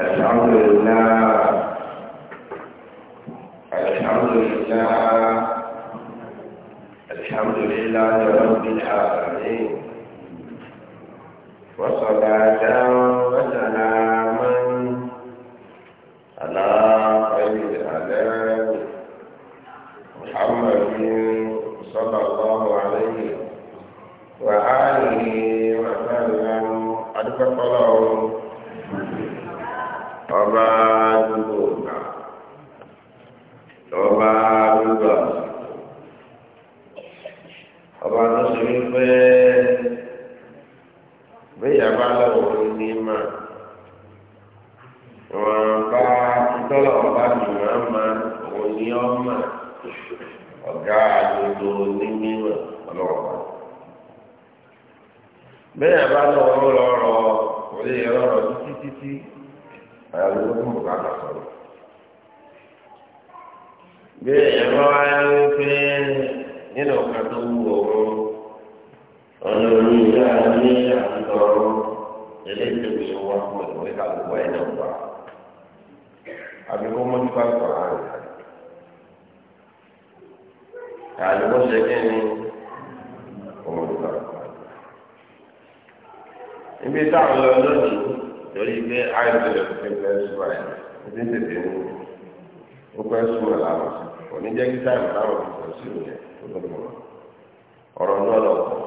الحمد لله الحمد لله الحمد لله رب العالمين وصلاة ورجله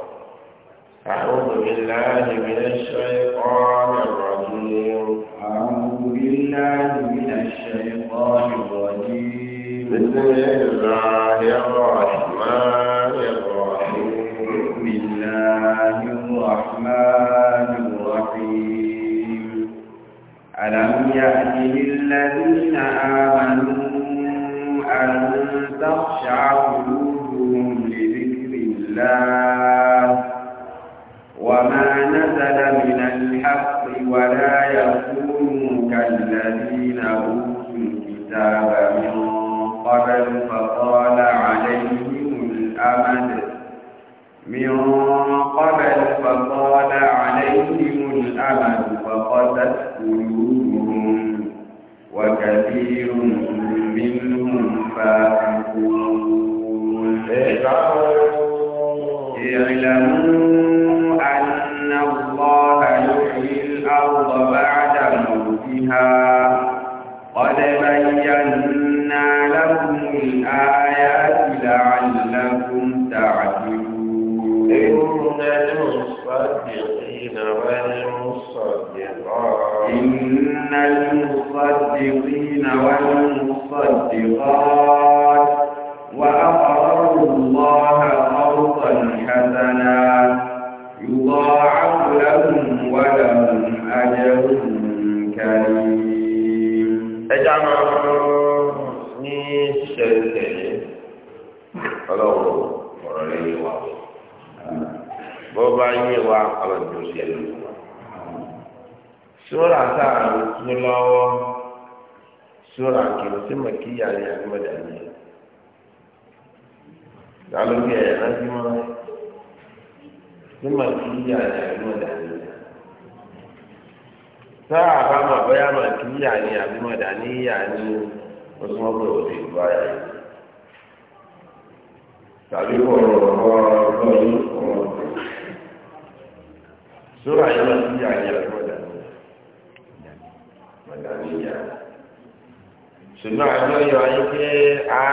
أعوذ بالله من الشيطان الرجيم أعوذ بالله من الشيطان الرجيم بسم الله الرحمن الرحيم بسم الرحمن الرحيم ألم يأتهم الذين آمنوا أن تخشعوا ní ṣẹ̀ǹtẹ̀lé ọlọ́run ọ̀rọ̀ rẹ̀ yé wa bó bá yé wa ọlọ́run tó ṣe lù wá. sóra tá a ń tún lọ́wọ́ sóra kìí sí màkìyà ní àgbẹ̀dà ẹ̀ rántí mọ́ ní màkìyà ní àgbẹ̀dà ní sáà bá mà bóyá mà kí yà ni àbí mà dà ní yà ni ó tún wọ́n pè ó ti gbọ́ ayà yìí. tàbí kò rọ̀ ọ́ lọ yí ọ̀rọ̀ sóra yìí mà kí yà ni àbí mà dà ní mà dà ní yà ni. ṣùgbọ́n àjọ yọ ayé pé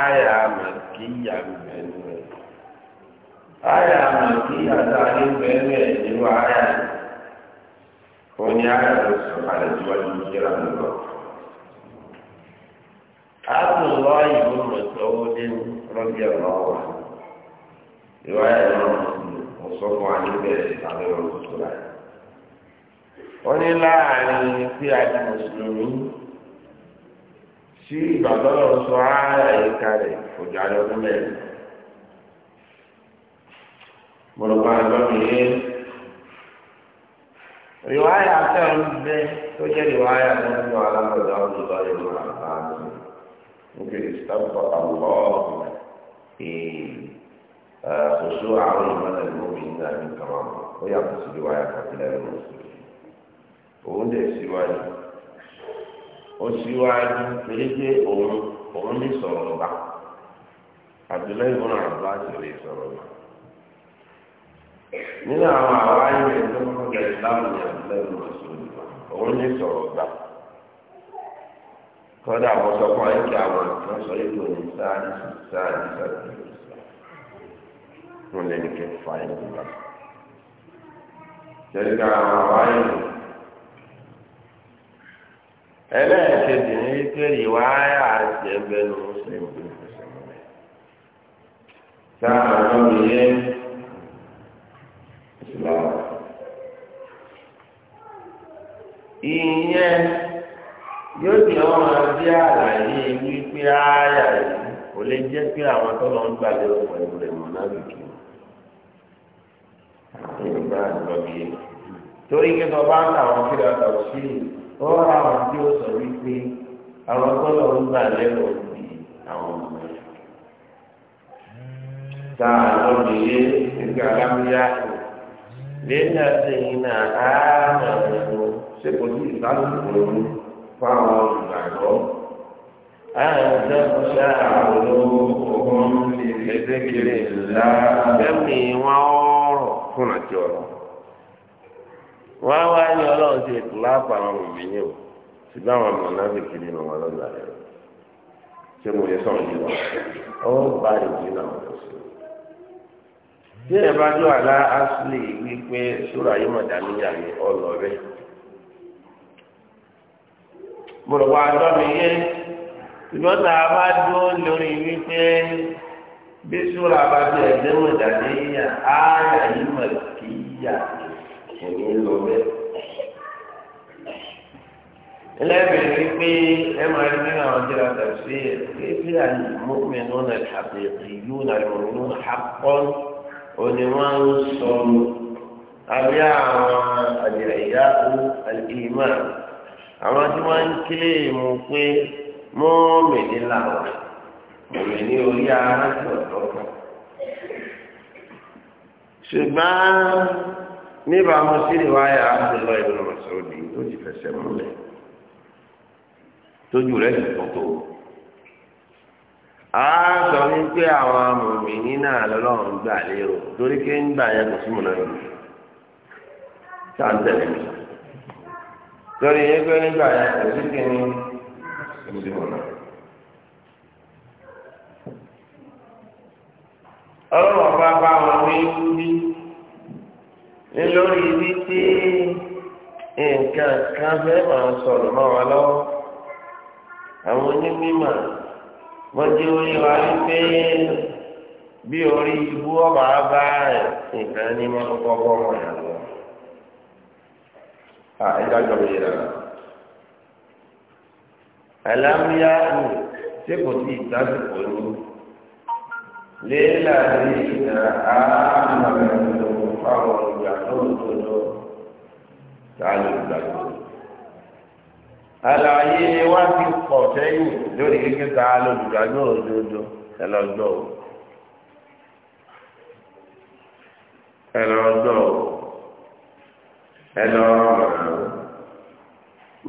àyà mà kí yà ń bẹ̀ nù rẹ̀. àyà mà kí yà tá a ní bẹ̀rẹ̀ nínú àyà yìí. onye ayé ló sọ̀kalẹ̀ síwájú ìjírà ń lọ. Àtúnlọ́ ìlú Mùsùlùmí rọ́bì ọ̀nà wà. Ìwà ẹ̀ lọ mùsùlùmí wà níbẹ̀ ìpàdé olùsùlá. Ó ní láàárín tí a di mùsùlùmí sí ìgbàgbọ́dọ̀ sọ ara anyị rẹ̀ òjò ayọ́dún mẹ́rin. رواية كان به توجد رواية نبي على مدار غير العباس ممكن استبق الله في خشوع عظيم المؤمنين من كرامة ويقص رواية قتل المسلمين òun lè síwájú ó síwájú torí pé òun òun ní sọ̀rọ̀ bá àdúlẹ̀ ìbọn àbá ti lè sọ̀rọ̀ bá. nínú àwọn àwọn ayé tó kọ́kọ́ ìsìlámù ní àtìlẹ́yìn mùsùlùmí òun ní sọ̀rọ̀ gbà kọ́dà àwọn sọ fún àwọn àtúntò sọ yìí ní sáàdì sáàdì sáàdì wọn lè ní kí àwọn àwọn ayé ní àti ní mùsùlùmí sáà Islam. Ìyẹn yóò di ọmọ àti àlàyé wípé ààyà yìí kò lè jẹ́ pé àwọn tó lọ ń gbàlẹ́ ọ̀pọ̀ ìwúrẹ̀ mọ̀ náà lè kí wọ́n. Torí kí sọ bá ń ta àwọn kíra tọ̀ sí ó rà àwọn tí ó sọ wípé àwọn tó lọ ń gbàlẹ́ ọ̀pọ̀ àwọn ọmọ rẹ̀. Tá a lọ nìyé nígbà lámúyá lẹ́yìn àtẹ̀yìn náà ààrẹ ẹ̀rọ ṣe kò sí ìbálòpọ̀ ọ̀run fáwọn olùgbàgbọ́. àdàkùsà olóhùn ìfẹ́dẹ́kẹrẹ ńlá ẹ̀mí wọn ọ̀rọ̀ fún àti ọ̀rọ̀. wọ́n wá ní ọlọ́run ṣe ìtura o ọmọ náà fi kiri wọn rẹ̀ ṣé mo lè sọ̀rọ̀ yìí ó bá ìdí náà tí ẹ bá jọ àlá ashley wípé sóra yìí mọ̀ dání àmì ọlọ rẹ a bá lórí wípé bí bá mọ̀ dání yà mọ̀ kí yà lọ wípé ẹ máa rí nínú àwọn jẹ́ra tàbí àyè náà ìlú náà òní wọn ń sọ̀rọ̀ àbí àwọn àdìrẹ̀yà ìmọ̀ àwọn tí wọ́n ń kílè mú pé mọ́ọ̀mìnì làwọn mọ̀mìnì orí ara ti ọ̀dọ́ kan. ṣùgbọ́n níbàámu sí ìwáyà àbúrò ìlú mọ̀sọ́ọ̀dì ó ti fẹsẹ̀ múlẹ̀ tójú rẹ̀ ti pọ̀ tó a sọ wípé àwọn amòmìnì náà lọ́lọ́run gbà lérò torí pé ń gbà yẹn kò sí mọ̀ náà sáà ń tẹ̀lé mi torí yẹn pé nígbà yẹn kò sí kí ni kò sí mọ̀ bá bá wọn wí wí ní lórí ibi tí nǹkan kan fẹ́ máa sọ̀rọ̀ mọ́ wọ́n jẹ́ orí wa wípé bí orí ibú ọba bá rẹ̀ nìkan ní mọ́tò kọ́kọ́ wọn yà lọ. ẹja jọ mi rà. àlámúyá ni ṣé kò sí ìtàsìkò ní. léèlà ní ìdá àmàlà ìlú fáwọn ìgbà tó ń tó lọ. sáà ló gbàgbọ́ àlàyé wa ti pọ̀ sẹ́yìn lórí kíkà lójúdájú òdodo ẹlọ́jọ́ o ẹlọ́jọ́ o ẹlọ́rọ̀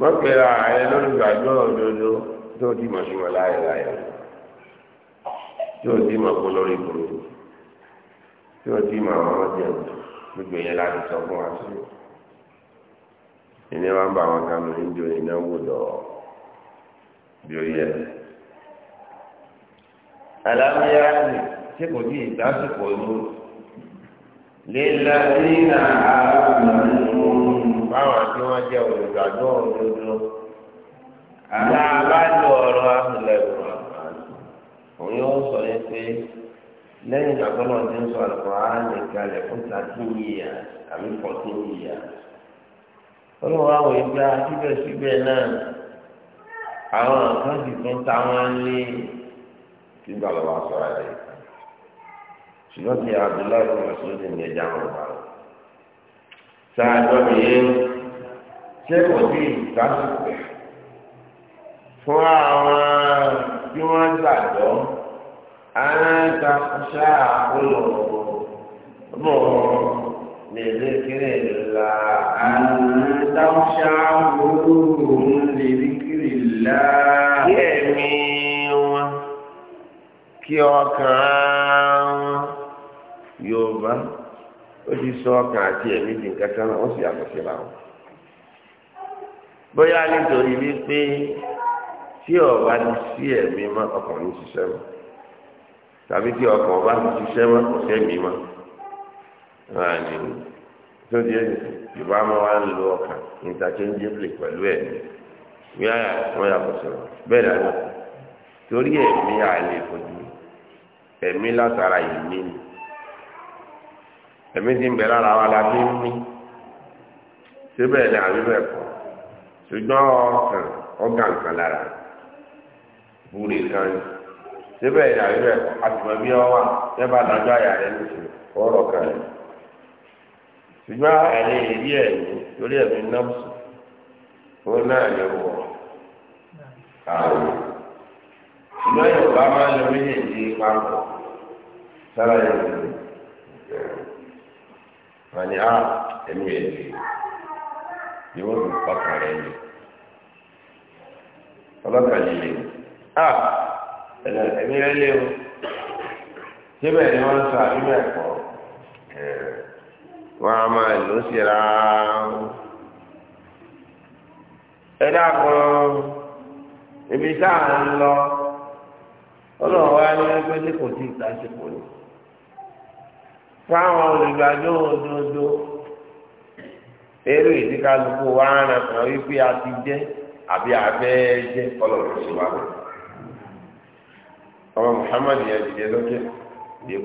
mọ́kẹ́ra ẹ lójúdájú òdodo tó ti mọ̀ sí wọn láyé láyé tó ti mọ̀ kó lórí kúrò tó ti mọ̀ àwọn ọmọdé gbogbo yẹn láti sọ fún wa sí i ìní wa ń bá àwọn kan lò níjó ìnáwó lọ bí ó yẹ. àlàáfíà ṣé kò tí ì dásìkò ló lílá nínà àárọ̀ báwọn tí wọ́n jẹ́ olùgbàgbọ́ òdodo àbá abájọ ọ̀rọ̀ àtìlẹ́kùn òun yóò sọ yẹn pé lẹ́yìn ìgbà tó lọ́ọ́ ti ń sọ àlùkò àánìkalẹ̀ fún thirteen years àbí fourteen years olùwà wò igba síbẹ̀síbẹ̀ náà àwọn nǹkan sì tún ta wọn lé kí nígbà lọ́wọ́ aṣọ àlẹ́ ṣùgbọ́n ti Abdullahi fún ọ̀ṣọ́dì ní ẹja wọn bá wọn. sáájọ́ mi yé ṣé kò sí ìdásùkò fún àwọn tí wọ́n gbàgbọ́ aláǹtakùṣà olùwọ̀ lè lé kéré تخشع قلوبهم لذكر الله يميوا kí ọkàn Yorùbá ó ti sọ ọkàn àti ẹ̀mí di nǹkan kan ó sì yàtọ̀ síra wọn bóyá nítorí wípé tí ọba ti sí ẹ̀mí mọ́ ọkàn ní ṣiṣẹ́ mọ́ tàbí tí ọkàn ọba ti ṣiṣẹ́ mọ́ kò sẹ́mi mọ́. tó di ẹni ìbá wa ń lo pẹ̀lú ẹ̀ wí àyà wọn yàtọ̀ sọ̀rọ̀ bẹ́ẹ̀ torí ẹ̀mí àìlè fojú ẹ̀mí látara ìmí ni ẹ̀mí ti ń wa la fi ń mí síbẹ̀ ni àbí bẹ́ẹ̀ kọ́ ṣùgbọ́n ọkàn lára búre kan ni síbẹ̀ ni àbí bẹ́ẹ̀ kọ́ bí wà ẹ bá dájọ́ àyà ọ̀rọ̀ ṣùgbọ́n àlẹ́ ìrí ẹ̀mí torí ẹ̀mí nọ́ọ̀sì ó náà lè wọ̀ àwọn ṣùgbọ́n yorùbá máa ń lo méjèèjì papọ̀ sára yorùbá wọn ni a ẹ̀mí ẹ̀mí yóò lù pàkà rẹ̀ ni ọlọ́kàn líle a ẹ̀mí rẹ̀ lé o síbẹ̀ ni wọ́n ń sọ àbí mẹ́kọ̀ọ́ wọ́n á máa lò ẹ ibi tá à ń lọ kò tí ì ni fáwọn olùgbàdo òdodo eré ìdíkàlùkù wa ń ràn wípé a ti jẹ́ àbí abẹ́ jẹ́ ọlọ́run ṣe wá lọ ọmọ Muhammad yẹn ti jẹ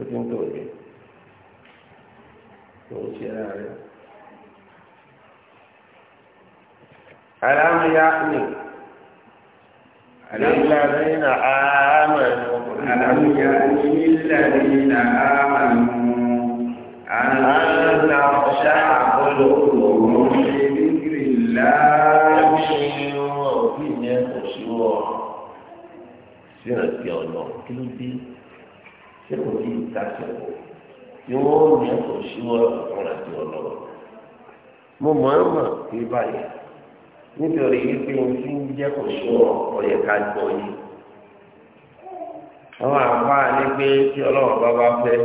ó ti ń للذين آمنوا ألم يكن يعني للذين آمنوا أن تخشع قلوبهم لذكر الله Sínú àti ọ̀nà kí ló dé? tí kò tí ì o tí wọ́n ní ẹ̀kọ́ síwọ́ ọ̀kan àti ọlọ́wọ́. mo mọ̀ ẹ́ mọ̀ pé báyìí nítorí wípé n ti ń jẹ́ kò síwọ́ ọ̀yẹ̀ ká gbọ́ yìí. àwọn àbá ni pé tí ọlọ́wọ́ bá bá fẹ́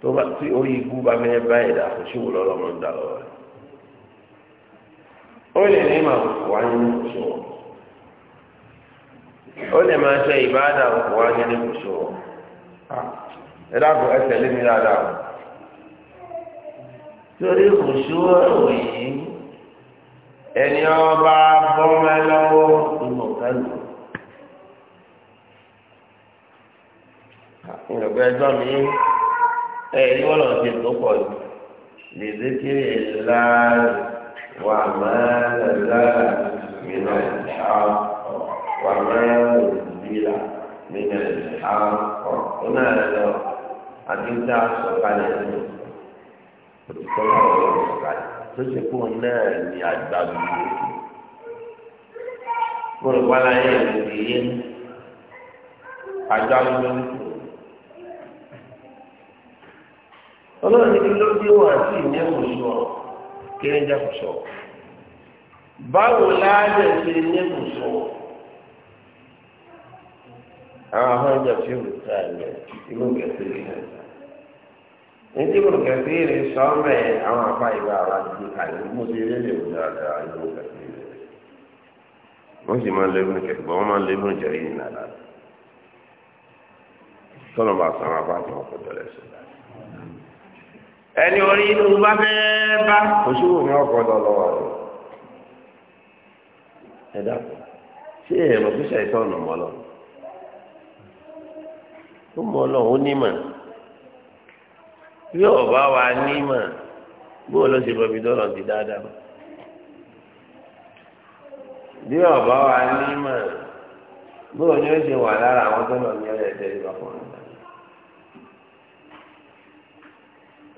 tó bá tí orí ibú bá mẹ́rin báyìí dà kò síwọ́ lọ́wọ́ mọ́ ń dà lọ́wọ́ rẹ̀ ó lè ní ma wá nínú kòsó ó lè máa ṣe ìbáàdà wá nínú kòsó ẹ dáàbò ẹ tẹ̀lé mi dáadáa o torí kòṣù òyìn ẹni ọba bọ́mọ ẹ lọ́wọ́ ìmọ̀ kálù. ìrọ̀gbẹ́ ẹjọ́ mi ẹ yín wọ́n lọ sí ètò pọ̀ jù lè dékèrè láàrin wà máa láàrin mìíràn ṣáà wà máa lò nílà. من الحرم ربنا لو أنت سبحانه وتعالى سبحانه تسكون نار يعذب ولا يدين عذاب ọlọ́run ní kí ló dé wà sí ìní ìmùsùn kí ní jẹ́ báwo ṣe ní àwọn àwọn ọjà tí ó ń ta ẹ̀ ìlú kẹsì rẹ̀ ní tí ìlú kẹsì rẹ̀ sọ́ọ̀mẹ̀ àwọn afá ìgbà wa ti kàlẹ́ mo ti rí lè wù dáadáa ìlú kẹsì rẹ̀ wọ́n sì máa ń lébùn kẹsì bọ́ wọ́n máa ń lébùn jẹ̀rí yìí nàlá sọ́nà bá sọ àwọn afá àti wọn kò tẹ̀lé sí ẹni orí inú bá fẹ́ bá òṣùwò ní ọkọ̀ ọ̀dọ̀ lọ́wọ́ rẹ̀ ẹ dàpọ̀ ṣé ẹ̀rọ fíṣà ìtọ́nà mọ́ lọ́wọ́ tó mọ ọlọ́run ó nímọ̀ bí ọba wa nímọ̀ bó o lọ ṣe bọ̀bí dọ́lọ̀ ti dáadáa bí ọba wa nímọ̀ bó o ní ó ṣe wà lára àwọn tó lọ ní ọ̀rẹ́ ẹ̀dẹ́ ìgbà kan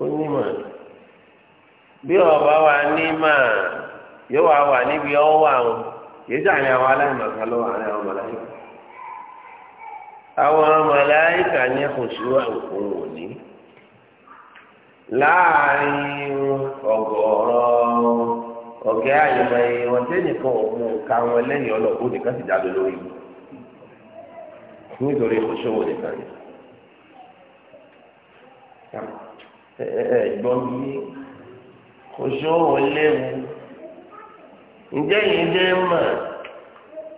ó nímọ̀ bí ọba wa nímọ̀ yóò wá wà níbi ọwọ́ àwọn yéé sàárín àwọn aláìmọ̀ká lọ́wọ́ àárín àwọn àwọn màláìkà ní kòṣù àwọn òní láàrin ọgọrọ ọgẹ àyùmọ ìwọn tẹnìkan òun ka wọn lẹ́yìn ọlọ́pàá nìkan sì jáde lórí nítorí kòṣù nìkan ni. ẹgbọn mi kòṣù òun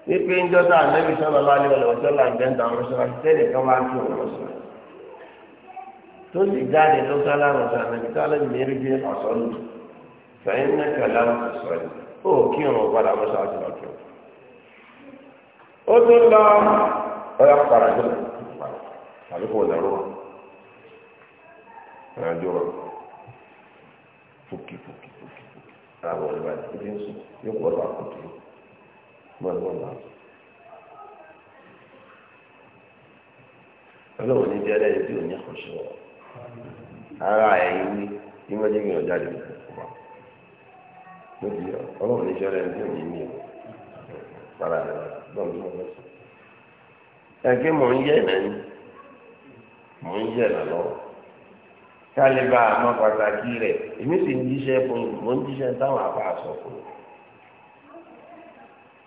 pípé ń jọ́ta ànábì sọ́nà bá lé ọ̀lọ́wọ́sọ́ là ń bẹ́ńtà àwọn mọ́ṣáláṣí tẹ́lẹ̀ kan wá sí ọ̀lọ́sọ́ tó sì jáde ló sá láwọn ọ̀sán ànábì tó alẹ́ mi rí bí ọ̀sán lù fẹ́yìn náà kẹ́ láwọn ọ̀sán lù ó kí ọ̀run padà mọ́ṣáláṣí lọ kí ó tó lọ ọ̀yà padà tó tàbí kò lẹ́rú ìrìnàjò rẹ̀ fúkìfúkìfúkì àwọn ọ̀rẹ́ báyìí ó ti ń sùn yóò pọ̀ gbọ́dọ̀gbọ́dọ̀ ọlọ́wọ́ ní bí ẹlẹ́yìn tí ò ní àkọsọ ara ẹ̀yìn ní bí wọ́n jẹ́ gbìyànjú àdìgbò kọ̀ọ̀kan wa lóbi ọlọ́wọ́ ní bí ẹlẹ́yìn tí ò ní ní o para rẹ̀ lọ́wọ́ ní wọ́n sọ. ẹgbẹ́ mò ń yẹ̀ náà ni mò ń yẹ̀ náà lọ́wọ́ kálíbà àmọ́ pàtàkì rẹ̀ èmi sì ń jíṣẹ́ fún mi mò ń jíṣẹ́ táwọn àbá àsọ fún mi.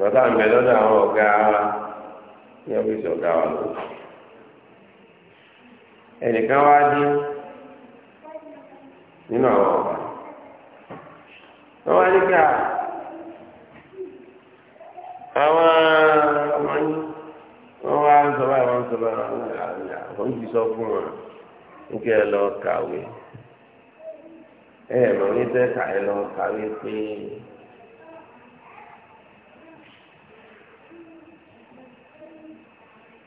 bàtà ń bẹ lọ́dọ̀ àwọn ọ̀gá ara ní ọ́fíìsì ọ̀gá wa lọ. ẹnìkan wá dé nínú àwọn ọ̀gá wọ́n wá ní ká àwọn ọmọ yín wọ́n wá ń sọ báyìí wọ́n ń sọ báyìí wọ́n ti sọ fún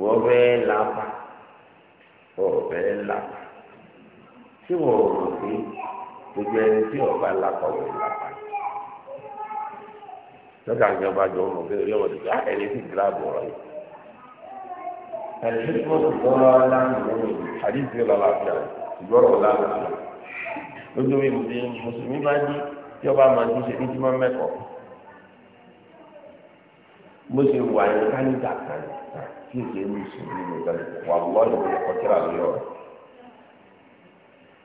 wọ́n fẹ́ lápá wọ́n fẹ́ lápá tí wọ́n rò pé gbogbo ẹni tí ọba lápá wọ́n lápá lọ́dà ní ọba jọ ọmọ bẹ́ẹ̀ rí ọmọ tó ká ẹni tí gíláàbù ọ̀rọ̀ yìí. Ẹ̀sìn tó ti gbọ́ láàmú lórí àdìsí ọ̀làlá àti ìgbọ́rọ̀ ọ̀làlá àti lójú mi mùsùlùmí bá jí tí ọba máa ti ṣe níjú máa mẹ́kọ̀ọ́. Mo ṣe wà ní kánìkà kan tí èsì ẹni mùsùlùmí nìkan wà lọ́yọ̀ ọ̀kọ́tìrà lọ́yọ̀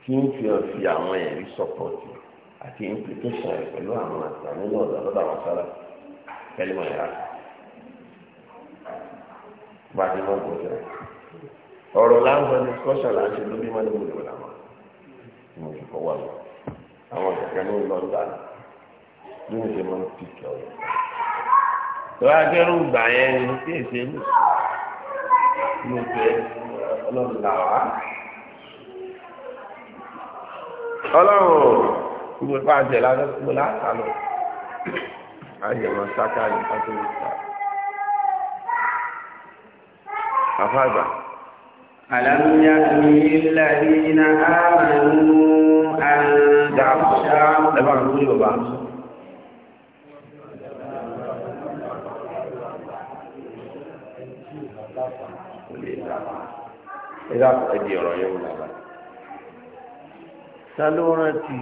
tí ń fi hàn fi àwọn ẹ̀rí sọ́pọ̀tì àti implication rẹ̀ pẹ̀lú àwọn àṣà nínú ọ̀dà lọ́dọ̀ àwọn sára pẹ̀lú mọ̀ ẹ̀rá bá a ti mọ̀ ọ̀kọ́tìrà ọ̀rọ̀ láǹfọ̀ discussion là ń ṣe lórí mọ́ níbo ìwé làwọn tí mo fi fọwọ́ lọ àwọn kẹ̀kẹ́ ní lọ́ńdà bí mo ṣe máa ń pìkẹ́ ọ̀rọ̀ tó bá kẹ́rù gbà yẹn ní tí èsì ẹni inú pé ọlọ́run là wá. ọlọ́run gbogbo ìpá àjẹ lásán láta lọ àjẹ wọn sáká ní pátó ìta. àfàgbà. ألم يكن للذين آمنوا أن تخشع ẹ̀dá ẹ̀dí ọ̀rọ̀ yẹn wò lábàá. ta ló rántí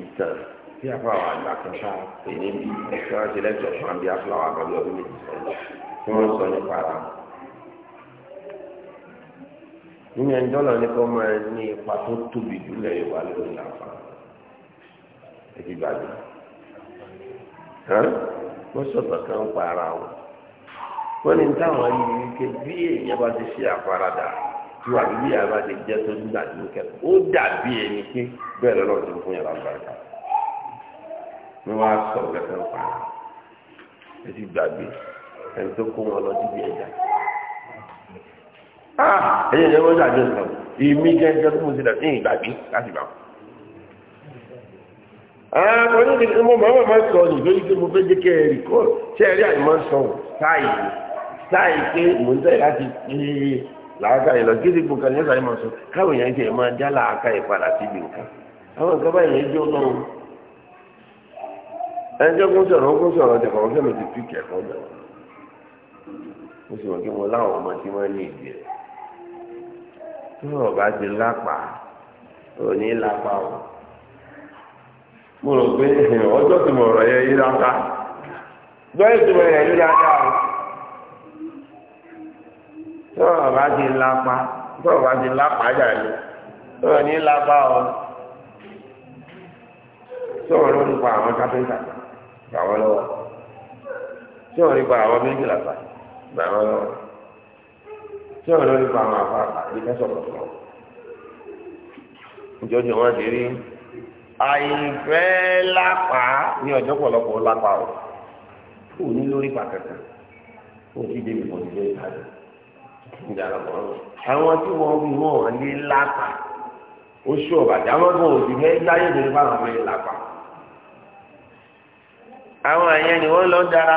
ìtàn tí a fáwọn àgbà kan ká pè ní bí ẹ̀ka ṣe lẹ́tọ̀ fún àbí afúláwà kan bí ọdún méjì sẹ́yìn tí wọ́n sọ nípa ara wọn. nínú ẹni dọ́là ní kó ipa tó tóbi jù lẹ̀ Yorùbá lórí àfa ẹ̀dí gbàgbé. wọ́n sọ̀tàn kan pa ara wọn wọ́n ní táwọn yìí ní ké bí èèyàn bá ti ṣe àfaradà tí wà bí èèyàn bá ti jẹ́ tó nígbà tí ó kẹ́kọ̀ọ́ ó dàbí ẹni pé bẹ́ẹ̀ lọ́lọ́ ti fún yàrá àgbàkà ni wọ́n á sọ kẹ́kẹ́ pa ẹ ti gbàgbé ẹni tó kó wọn lọ síbi ẹja. Ah, ẹ̀yẹ́ ni wọ́n dàbí ẹ̀sán èmi gẹ́gẹ́ tó mo ti dàbí ẹ̀yìn láti bá wọn ah, láì pé mò ń tẹ̀ láti pé gidi gbogbo ní ìsàlẹ̀ máa sọ káwọn èèyàn jẹ́ máa já làákà yìí padà síbi nǹkan àwọn nǹkan báyìí yẹn jẹ́ ọlọ́run ẹjọ́ kún sọ̀rọ̀ kún sọ̀rọ̀ ọrụ ti fi kẹ̀kọ́ bẹ̀ mo sì mo láwọn ọmọ tí wọ́n ní ìdí ẹ̀ tí wọ́n ti lápá ò ní lápá o mo rò pé ọjọ́ tí mo rọ̀ tọ́rọ̀ bá ti lápá tọ́rọ̀ bá ti lápá jàre tọ́rọ̀ ní lápá ọ sọ̀rọ̀ ló ń pa àwọn kápẹ́ńtà gbà wọ́n lọ́wọ́ sọ̀rọ̀ nípa àwọn méjìlá pa gbà wọ́n lọ́wọ́ sọ̀rọ̀ ló nípa àwọn afáàpà ìfẹ́ sọ̀rọ̀ sọ̀rọ̀ ìjọjọ wọn ti rí àìfẹ́ lápá ní ọjọ́ pọ̀lọpọ̀ lápá ò ní lórí pàtàkì ó ti débi pọ̀ nílé ìtajà. ìdára mọ́ ọ́n àwọn tí wọ́n wí wọ́n ní lápá oṣù ọ̀bàjẹ́ àwọn kan ò sì fẹ́ gbáyé ìdílé fáwọn ọmọ yẹn lápá àwọn àyẹn ni wọ́n lọ dára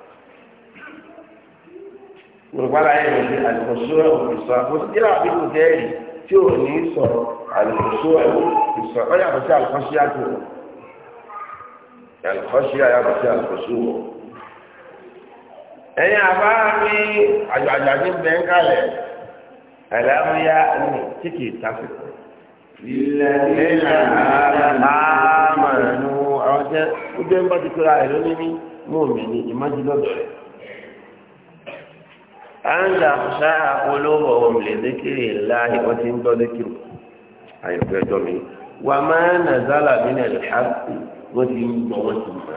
gbàgbára yẹn lọ sí àlùkòsó ẹ̀wọ̀n ìsọ àkọsílẹ̀ àbíkú jẹ́rìí tí ò ní sọ̀rọ̀ àlùkòsó ẹ̀wọ̀n ìsọ ọ yàtọ̀ sí àlùkòsí àjò àlùkòsí àyàtọ̀ sí àlùkòsó wọ̀. ẹ̀yin àbá mi àjàjà ní bẹ́ńkálẹ̀ ẹ̀lẹ́múyá ní tí kì í tásìkò. ilẹ̀ ilẹ̀ àmàlú àwọn jẹ́ ó jẹ́ ń bá ti kóra ẹ̀ lónìí mú mi ní ìmọ̀jì lọ́dọ̀ rẹ̀ anda ṣáà olówó ọmọ lè dékèrè láàyè wọ́n ti ń gbọ́ dékèrè àyẹ̀fẹ́ ẹjọ́ mi wà máa nà zálà mí nà lè ṣáàpù wọ́n ti ń gbọ́ wọ́n ti mọ̀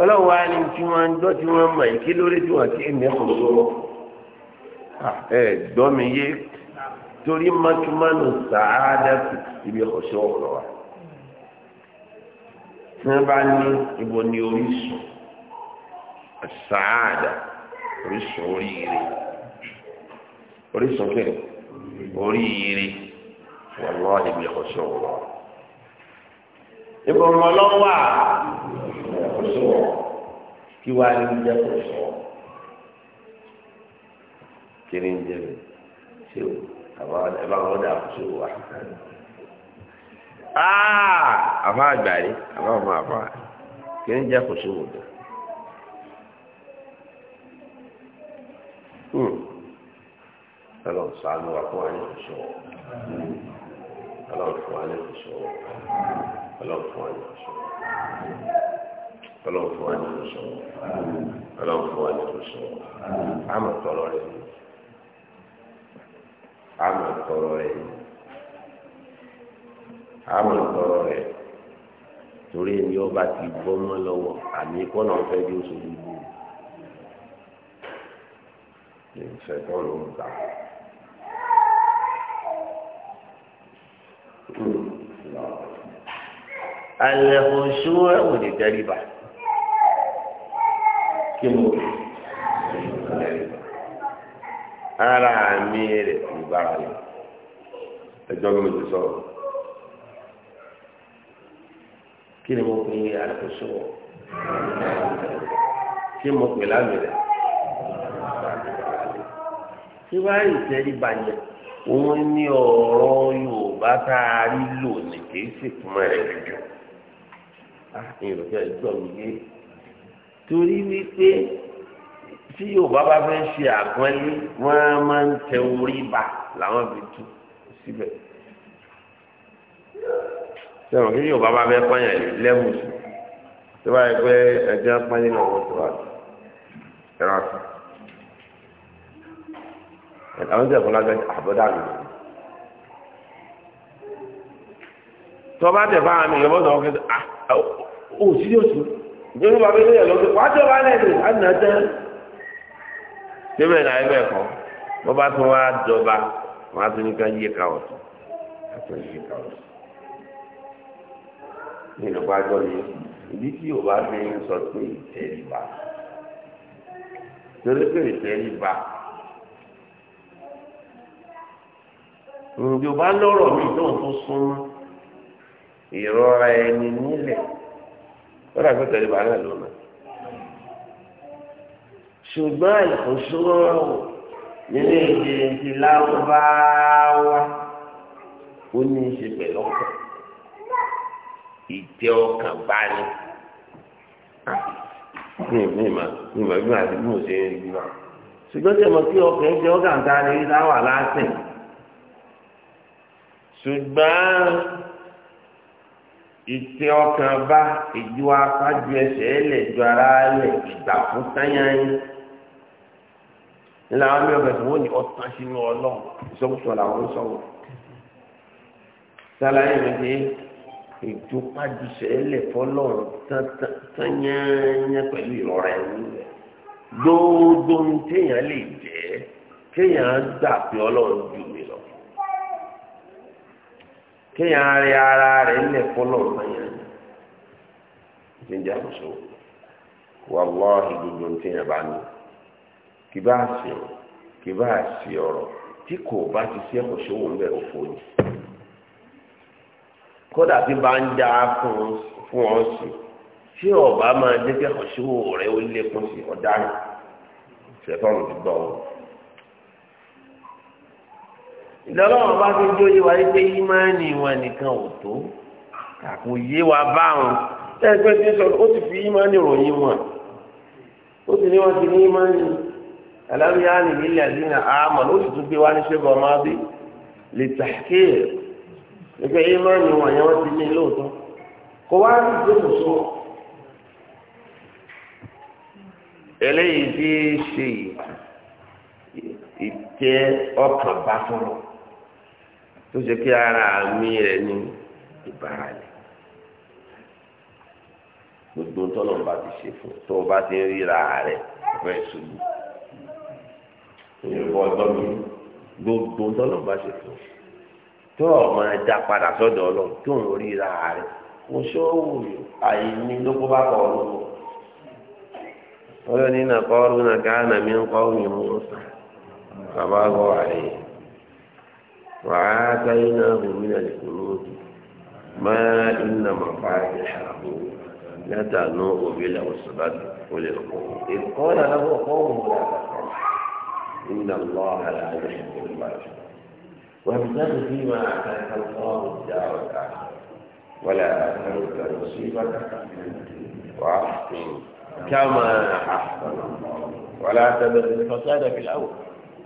ọlọ́run wa ni tí wọ́n gbọ́ tí wọ́n mọ̀ yìí kí lórí tí wọ́n ti ń mẹ́kọ̀ lọ́wọ́ ẹ gbọ́ mi yé torí mọ́túmọ́nù sàádà ibi ọ̀ṣọ́ ọ̀rọ̀ wa tí wọ́n bá ní ibo ni orísun sàádà. orísun oríire orísun kẹrẹ oríire wọlọ ìbí ọsọ wọ ibò mọlọwà ọsọ wọ kí wàá ní jẹ ọsọ kiri ń jẹ ṣé o àwọn ẹ àgbà rí àbá kiri ń dùn. Hmm. ọlọ́run ṣàánú wa fún wa ní ìṣọ́ ọlọ́run fún wa ní ìṣọ́ ọlọ́run fún wa ní ìṣọ́ ọlọ́run fún wa ní ìṣọ́ ọlọ́run fún wa ní ìṣọ́ àmọ̀ tọrọ rẹ̀ ni àmọ̀ tọrọ rẹ̀ ni àmọ̀ tọrọ rẹ̀ torí ẹni ọba ti gbọ́ mọ́ lọ́wọ́ àmì kọ́nà ọ̀fẹ́ bí ó ṣe gbogbo. للشيطان المزعج الخشوع والتجربة كم ara àmì rẹ̀ ìbára rẹ̀ ẹjọ́ mi ti sọ̀rọ̀ kí ni mo pè é àkóso kí mo pè lámì rẹ̀. tí wàá ìtẹríba yẹn òun ní ọ̀rọ̀ Yorùbá tá a rí lò ní kì í sì túmọ̀ rẹ̀ jù ìròyìn ah, ìjọ mi yé torí wípé tí Yorùbá bá fẹ́ ṣe àgbọ́nlé wọ́n á máa ń tẹ orí bà làwọn fi tú síbẹ̀ sẹ́wọ̀n kí Yorùbá bá fẹ́ pààyàn lẹ́mùsùn tó bá yẹ pé ẹ̀jẹ̀ pààyàn náà wọ́n tó wà àwọn ìjọba ìfọlá bẹ àbọ̀dá mi. tọ́ba tẹ̀ fáwọn àmì ìyọ́bọ̀ sọ̀rọ̀ kí ó sí yóò sí jọba ǹjẹ́ o bá lọ́rọ̀ mi tóun tó súnmọ́ ìrora ẹni nílẹ̀ ó dàgbé tẹ̀lé bàálà lónà ṣùgbọ́n àìkú sọ́rọ̀ nínú èdè ti lárúbáwá ó ní í ṣe pẹ̀lú ọkàn ìtẹ ọkàn bá ní mi mi ma mi ma bí ma ti bí mo ṣe ń rí ma ṣùgbọ́n tẹ̀ mọ́ kí ọkàn jẹ́ ọkàn tá a lè rí láwà láàṣẹ ṣùgbọ́n ìtẹ ọkàn bá ìjọ apá ju ẹsẹ̀ ẹlẹ̀ ju ara ẹlẹ̀ ìgbà fún sáyáyín nílẹ̀ àwọn mìíràn fẹ̀sùn wọn ni ọ̀tán sínú ọlọ́run ìsọkúsọ làwọn ń sọ̀rọ̀ sálàyé mi ti ètò pàdùsẹ̀ ẹlẹ̀ fọlọ́run tányányá pẹ̀lú ìrọ̀rẹ́ nílẹ̀ gbogbo ohun téèyàn lè jẹ́ kéèyàn gbà pé ọlọ́run jù mí. kéèyàn rí ara rẹ̀ nílẹ̀ fọlọ́ ọ̀gbọ̀nyàn jíjẹ́ àmọ́sọ wàláhì gbogbo téèyàn bá ní kì bá sí ọ kì bá sí ọ̀rọ̀ tí kò bá ti sí ẹ̀kọ́ ṣòwò ń bẹ̀ òfò ni kódà tí bá ń já fún ọ sí tí ọba máa jẹ́ kẹ́kọ̀ọ́ ṣòwò rẹ̀ ó lékún sí ọ̀daràn ṣẹ̀fọ́n ti ọ. ìdọ́lọ́wọ́n bá fi jó yé wa yìí pé ìmánì wọn nìkan ò tó kàkó yé wa báwọn ẹgbẹ́ tí sọ ó ti fi ìmánì ròyìn wọn ó ti ní wọn ti ní ìmánì alámiyá ni ilẹ̀ àdínà àmọ́ ó sì tún gbé wá ní ṣẹ́gun ọmọ abí lè tàkìr ẹgbẹ́ ìmánì wọn yẹn wọ́n ti ní lóòótọ́ kó wá sí ìdókòó sọ eléyìí ti ṣe ìtẹ ọkàn bá fún wọn tó ṣe kí ara mi rẹ̀ ní ìbáralẹ̀ gbogbo tọ́lọ̀ bá ti ṣe fún tó o bá ti ń ríra rẹ̀ fẹ́ ṣubú ìrìbọ̀ ọgbọ́n mi gbogbo tọ́lọ̀ bá ṣe fún tó o máa dá padà sọ́dọ̀ ọlọ́run tó ń ríra rẹ̀ mo ṣọ́wó àìní ló kó bá kọ̀ ọ́ lọ́wọ́ nínú kọ́ọ́rù náà káà nàmí ń kọ́ òyìnbó sàn bàbá gbọ́ àlẹ́ وآتيناه من الكنوز ما إن مفاتحه لتنوء بالعصبة أولي القوة إذ قال له قوم لا تفرح إن الله لا يحب المرجع وابتغ فيما آتاك الله الدار الآخرة ولا تنسى نصيبك وأحسن كما أحسن الله ولا تبذل الفساد في الأول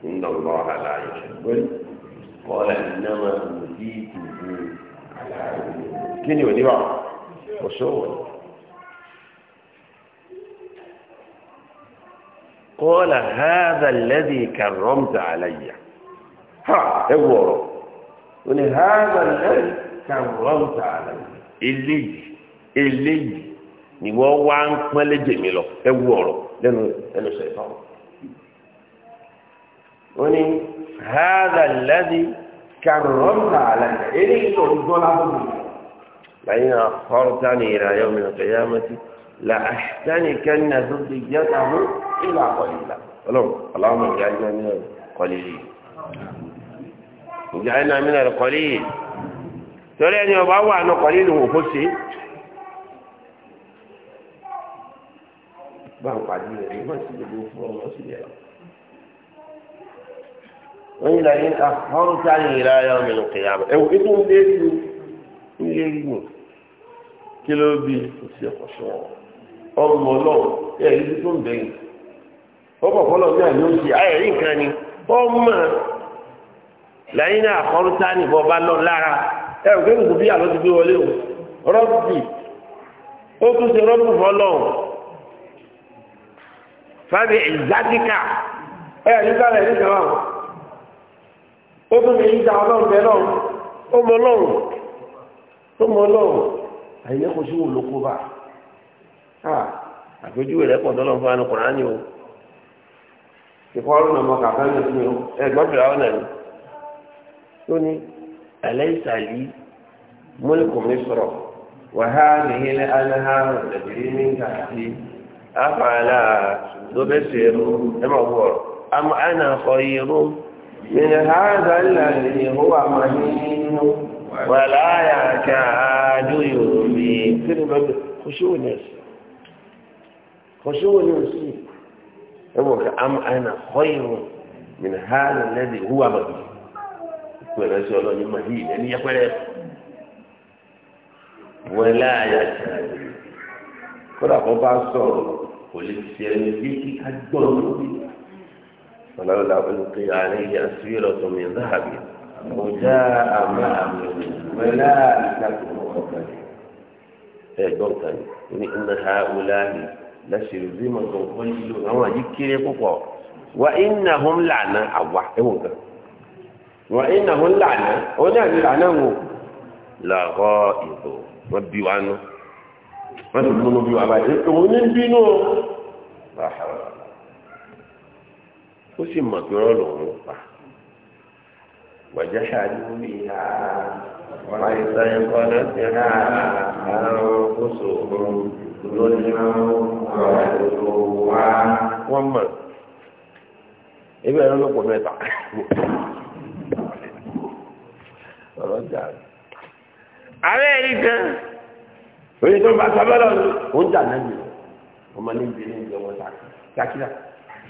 إن الله لا يحب المرجع قال إنما المزيد أوتيته كني ودي بعض وشو قال هذا الذي كرمت علي ها هو قال يعني هذا الذي كرمت علي اللي اللي ni wọ́n wá ń pọ́n léjèmí lọ ẹ wú ọ̀rọ̀ lẹ́nu ẹnu ṣẹ̀fọ́n وني هذا الذي كرمت عليك إليه تقول لئن أخرتني إلى يوم القيامة لأحتنكن ذريته إلى قليلا اللهم اجعلنا من القليلين اجعلنا من القليل torí ẹni ọba wà ní ọkọ̀ nínú òfó bá ń pàdé rẹ̀ wọ́n yìí lẹ́yìn ahọ́rùtà ìlà ayọ́ mi ló kẹ̀yà mọ́ ń lé ju ń kí ló bí sọ ọmọ ọlọ́run ẹ̀ ibi tó ń bẹ̀yìn bí ayẹ̀ ni ọmọ lẹ́yìn bá lọ lára bí àlọ́ ti gbé wọlé o rọ́bì ó tún ṣe rọ́bì ó tún lè yíta ọlọ́run bẹ́ẹ̀ lọ́run ó mọ ọlọ́run tó mọ ọlọ́run àyè kò sí wòlò kó bá àpèjúwe rẹ̀ pọ̀ tọ́lọ́ fún anukọ̀rọ̀ ni o ìkọ́rùn ọmọ ala ama na ihe ruo. من هذا الذي هو مهين ولا يكاد يؤمن كلمة خشوع نفس خشوع نفسي أم أنا خير من هذا الذي هو مهين pẹ̀lẹ́ sí ọlọ́ni mahi ẹni yẹpẹrẹ wọlé àyàtì kódà kó bá sọ̀rọ̀ kò lè ṣe ẹni bí فلولا ألقي عليه أسيرة من ذهب وجاء معه ولا مقبلين إيه، يعني إن هؤلاء لشرذمة قليل أو يكيري وإنهم إيه لعنة وإنهم لعنة ونحن لعنة لغائض ربي وعنه ما تقولون بيو أبدا إيه ونبينه ó sì mọ̀ pé wọ́n lòún pa wàjáṣà ló ìhà fàìsàn ẹ̀kọ́ náà ti rà àrùn kóso ọ̀rọ̀ wa. wọ́n mọ̀ ibẹ̀ ló lọ́pọ̀ mẹ́ta ọ̀rọ̀ jà ààrẹ ọmọ níbi ní ìjọba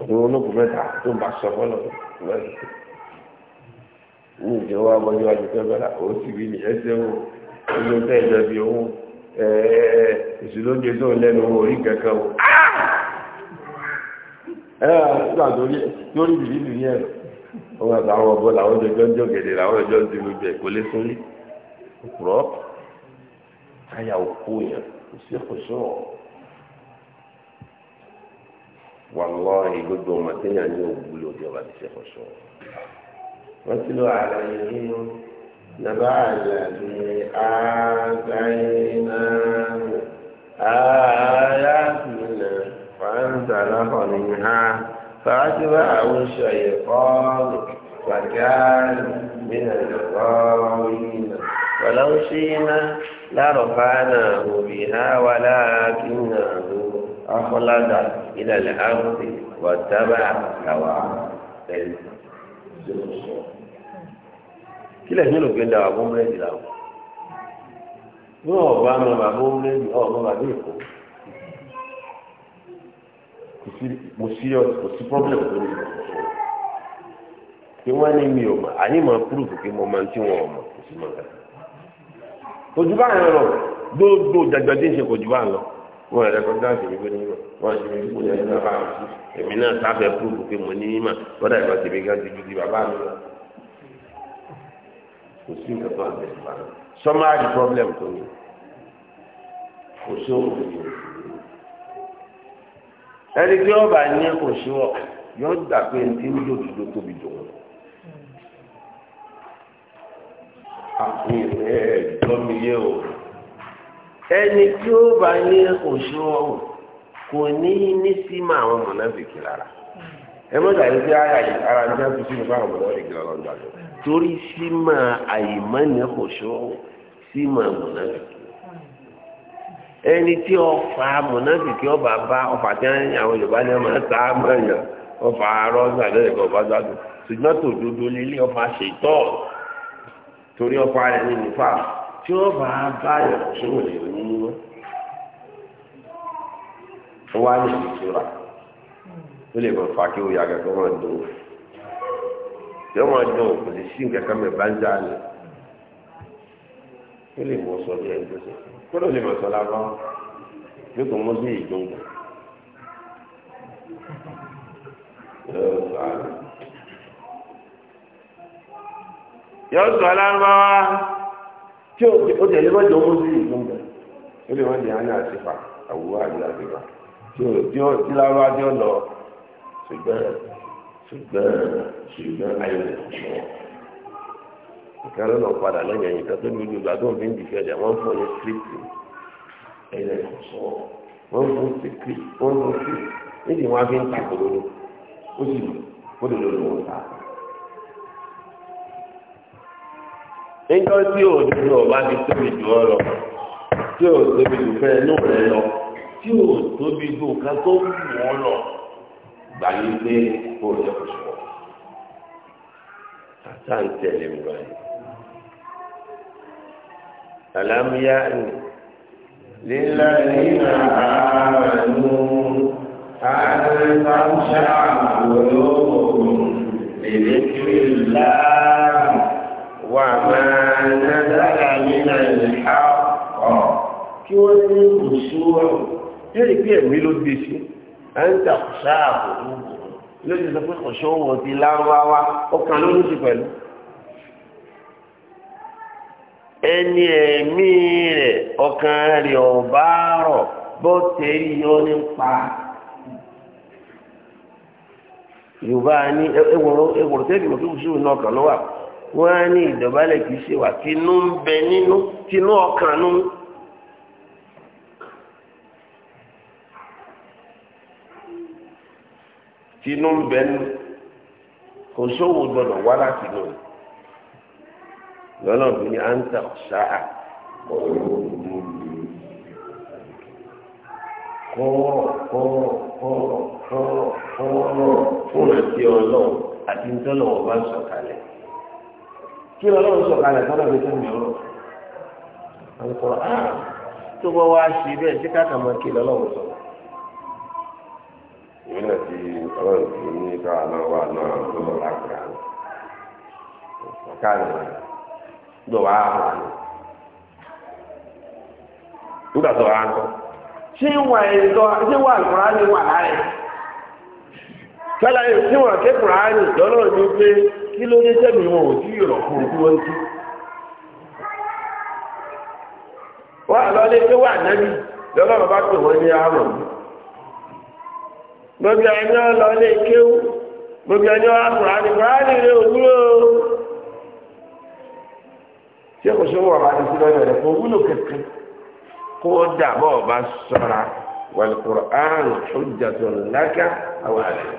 òun olóògùn mẹ́ta tó bá sọ fọlọ lọ́yìn ní ìjọ wa mọ níwájú pé bọ́lá òun sì bí ní ẹsẹ̀ wo ojú tẹ́ ìjọ bí òun ìṣúlóúnjẹ tó ń lẹ́nu orí kankan o. ẹ ẹ nígbà tó rí lórí bìbí nìyẹn wọn àtàwọn ọbọ làwọn jọjọ ń jọgẹdẹ làwọn jọjọ ń dìbò jẹ kó lé sórí rọ àyà òkú yẹn kò sí kò sóò. والله قد ما تنع نوم بلو دي غادي شيخ وشوه واتلو عليهم نبع الذي آتينا آياتنا فانسلخ منها فاتبعه الشيطان وكان من الغاوين ولو شئنا لرفعناه بها ولكنه أخلد إلى الأرض واتبع هواه kílẹ̀ ní olùgbé da àwọn ọmọlẹ́dì làwọn bí wọn bá mọ bàbá ọmọlẹ́dì ọmọ bàbá èkó kò sí kò sí pọ́blẹ̀mù tó ní kí wọ́n ní mi ò mọ̀ àní mọ̀ púrùfù pé mo máa ń tí wọn ò mọ̀ kò sí mọ̀ nǹkan. kò báyìí lọ gbogbo jàgbá tí ṣe kò jù báyìí lọ wọn yẹrẹ kọjá àjèjì pé nígbà wọn àti mi kò yẹn náà bá mi sí èmi náà sábẹ púrúkù pé mo ní mà lọ́dà ìgbà tèmi ga jùjú di bàbá mi lọ kò sí nǹkan tó àgbẹ̀ sí bàbá sọmaari problem tó ní kò sí òkú yìí ẹni tí ó bá ní kò sí wọ yóò gbà pé ní tí ń tóbi dùn ún. àfihàn ẹ̀ẹ́dọ́mi yẹ o ẹni tí ó bá ní òṣùwọ̀n kò ní ní sí mọ àwọn mọ̀nàfìkì lára ẹ mọ̀tà yìí pé ara yìí ara ní sáà tó sí nípa àwọn mọ̀nàfìkì lára ọ̀dọ́ àjọ torí sí mọ àyèmọ́ni òṣùwọ̀n sí mọ mọ̀nàfìkì ẹni tí ọfà mọ̀nàfìkì ọba bá ọfà tí àwọn Yorùbá ní ọmọ ẹ̀ta mọ̀nyàn ọfà arọ́ nígbà tó yẹ ọba gbádùn ṣùgbọ́n tòdodo lílé ọfà ṣètọ́ torí ọfà rẹ̀ ní nípa tí ó bá báyọ̀ tí ò lè ní ó wá ní ìtura ó lè mọ̀ fà kí ó yàgà kó mọ̀ dùn yọ mọ̀ dùn kò lè sí nǹkan kan mẹ́ bá ń dá lẹ̀ ó lè mọ̀ sọ bí ẹni tó ṣe lè mọ̀ sọ lábá bí kò mọ́ sí ìdóngò. yọ sọ lárúbáwá tí ó tẹ̀lé mọ́jọ ó sí ìgbọ́n bẹ̀ ó lè wọ́n di àná àtìfà àwùwá àbí àtìfà tí ó tí ó tí lára tí ó lọ ṣùgbọ́n ṣùgbọ́n ṣùgbọ́n ayọ̀lẹ̀ nǹkan lọ́nà padà lẹ́yìn ẹ̀yìn tó ní ojú ìgbà tó dìfẹ́ ẹ̀dẹ̀ wọ́n fọ́ ní script ẹ̀yìn ẹ̀kọ́ wọ́n fún script wọ́n fún script nídìí wọ́n á fi ń tàkùrọ̀ ó sì kó lè lọ́ọ́ níjọ́ tí òdodo ọba ti tóbi jù ọ lọ tí ò tóbi jù fẹ́ inú rẹ lọ tí ò tóbi jù ká tó wù ọ lọ gbà yí pé kó o yẹ kó sọ tata ń tẹ̀lé wọn yìí. Àlámúyá ni lílá nínà àmàlú àdìsáńṣà àwòrán òkùnkùn lè nàdára nínà ìhà ọ̀ kí wọ́n ní òṣùwọ̀n yẹ́rì pé ẹ̀mí ló gbé sí à ń tà ṣá àkókò lójú sọ pé ọ̀ṣọ́ wọn ti lárúbáwá ọkàn ló ní ti ẹni ẹ̀mí rẹ̀ ọkàn rẹ̀ ọ̀bá rọ̀ bó tẹ̀lé yọ nípa yorùbá ni ẹwọ̀rọ̀ ẹwọ̀rọ̀ mọ̀ kí wọ́n náà kàn lọ́wọ́ wọ́n á ní ìdọ̀bálẹ̀ kìí ṣe wà tinú ń bẹ nínú tinú ọkàn nú. ń bẹ nú kò sówó gbọdọ̀ wá láti nù lọ́nà bí ní à ń tà ṣáà kọ́rọ̀ kọ́rọ̀ kọ́rọ̀ kọ́rọ̀ kọ́rọ̀ fún àti ọlọ́run àti bá ń sọ̀kalẹ̀. kí lọ́lọ́run sọ̀kalẹ̀ tọ́lọ̀ fi tẹ́ mi ọ̀rọ̀ àlùkò áà tó bọ́ wá sí bẹ́ẹ̀ tí káàkà máa kí lọ́lọ́run sọ. ìwé náà ti ọlọ́run ti ní káà náà wà náà lọ́wọ́ lágbára ọ̀ká ni gbọ̀ wá wà ní. nígbà tó wà á lọ ṣé wà ẹ̀dọ́ ṣé wà àlùkòrá ni wà láàrẹ̀. sálàyé tí wọn kékeré àárín lọ́lọ́run ní pé kí ló dé sẹ́mi wọn ò tí yọ̀rọ̀ fún ojú wọn tú. wọ́n àlọ́lé pé wà nẹ́bí lọ́lọ́run bá pè wọ́n ní àmọ̀ mi. gbogbo ẹni ọlọ́lé kéwú gbogbo ẹni ọlọ́kùnrin àdìgbòránì rẹ̀ òwúrò. ṣé kò sówó ọba àti sílẹ̀ rẹ̀ kò wúlò kẹ̀kẹ́ kó dàbọ̀ ọba sọ̀ra wal-Qur'an hujjatun laka aw alayk.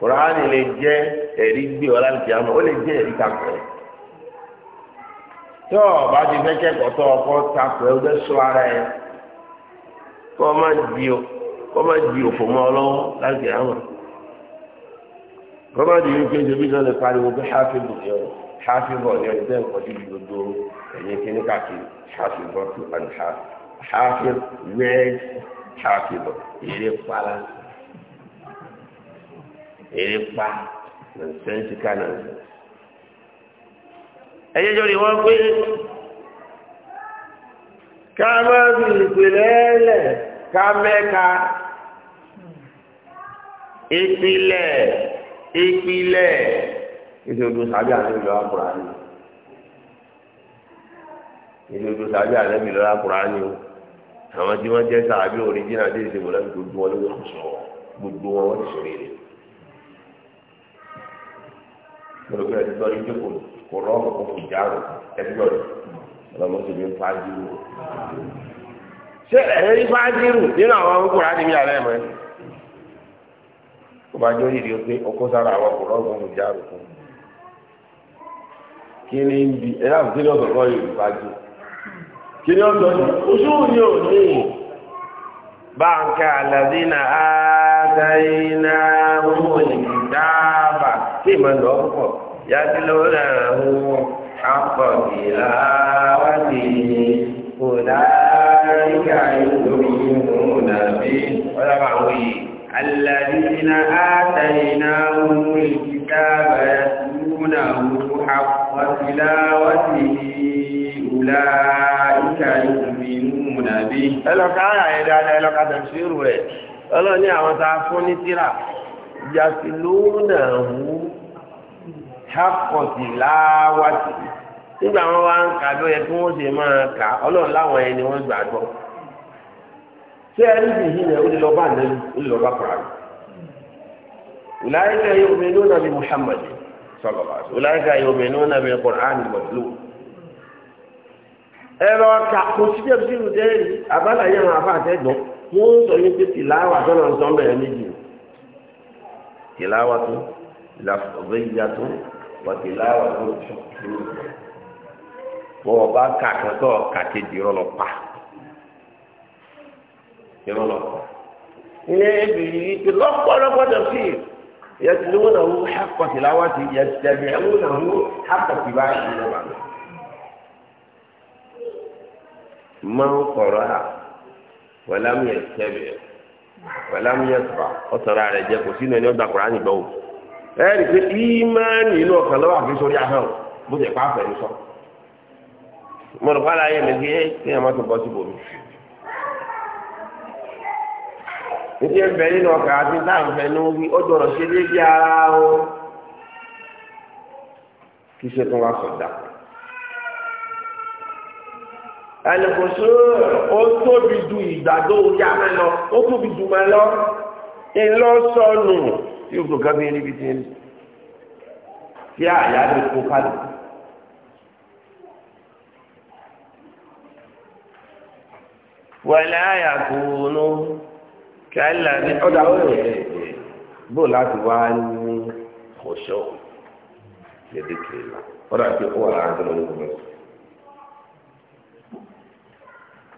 Kùránì lè jẹ́ ẹ̀rí gbé ọ láti àmọ́ ó lè jẹ́ ẹ̀rí kakọ ẹ̀. tó o bá ti fẹ́ kẹ́kọ̀ọ́ tó ọkọ takọ ẹ o fẹ́ sọ ara ẹ kó o má di o kó o má di òfò mọ́ ọ lọ́wọ́ láti àmọ́ kó o má di wípé ìdèbí náà lè pariwo pé hafi bò ọ hafi bò ọ ní bẹ́ẹ̀ kọ́ síbi gbogbo ẹ̀yìn kíní káàkiri hafi tó àti hafi wẹ́ẹ́ hafi bò èrè pa la sẹ́ńtì kánà ẹ̀yẹ́ jọ ni wọ́n pé ká má fi ìpìlẹ̀ ẹ̀lẹ̀ ká mẹ́ka ìpìlẹ̀ ìpìlẹ̀ ìṣòdò sàbí àlejò àkùránì ìṣòdò sàbí àwọn tí wọ́n jẹ́ gbogbo wọn wọ́n ti gbogbo ẹni tó ní jókòó kò rọrùn kò kò járò ẹgbẹ́ rẹ̀ ọlọ́mọdé mi ń fa jírù. ṣé ẹ̀rí fa jírù nínú àwọn ọkùnrin àti ìyá rẹ̀ ẹ? kó bá yìí pé ọkọ sára àwọn kò fún kí ni ń bi ọ̀sán kọ́ tí ìmọ̀ ń lọ púpọ̀ yájú ló rà wọn àpọ̀ ìlà wá sí kò dáríkà ìlórí ìmọ̀ nàbí ọlọ́pàá àwọn yìí الذين آتيناهم الكتاب يتلونه حق تلاوته أولئك يؤمنون به ẹlọ́ka ayà ẹ̀dá ni ẹlọ́ka tẹ̀síìrù rẹ̀ ọlọ́ni àwọn tá a fún ní tíra yàtìlónà wú hakọ̀tì láwàtì nígbà wọn wá ń kà lóye kí wọn ṣe máa kà ọlọ́run láwọn ẹni wọn gbàgbọ́ ṣé ẹni sì yí lẹ ó lè lọ bá nẹbi ó lè lọ bá yóò mi lónà bí Muhammad sọlọ bá sọ wùláyíká yóò mi lónà bí Qur'an mọtulù ẹ̀rọ ka kò síbi ẹbí sínú dẹ́rẹ́rì abálàyé àwọn afá àtẹ́gbọ́n wọn ń sọ yín pé tìláwà tó náà ń sọ ń bẹ̀rẹ̀ méjì tìláwà tó làfọ̀gbẹ́yà tó. wàtílá wà ló tún wọn ọba kàkàtọ kàkejì rọlọ pa rọlọ pa ilé ebìrì ìpè lọ́pọ̀lọpọ̀ dọ̀tí yẹtùlówó náà wò hàkọ̀tìlá wà sí yẹtùlówó náà wò lọ. ẹ̀rì pé ìmánì inú ọ̀kan lọ́wọ́ àfi sórí ahọ́n bó ti pa àfẹ́ ní sọ. mo rò pàdé ayé mi gbé kí ẹ̀ má tó bọ́ síbò mi. níbi ẹ̀ bẹ̀rẹ̀ nínú ọkàn àti táǹfẹ̀ ní wí ó dọ̀rọ̀ ṣe déédéé ara o kí ṣe tó wá sọ̀dá. ẹnìkòsó ó tóbi ju ìgbàdo orí amẹ́ lọ ó tóbi ju mẹ́ lọ ìlọsọnù yóò tó gábé níbi tí ń tí àyà lè kó kalẹ̀. wàlẹ́ àyà kò nù kálá ní ọ̀dà ọ̀rẹ́ ẹ̀ bó láti wá ní ọ̀ṣọ́ gbèdéke la ọ̀dà tí ó wà láti lọ nínú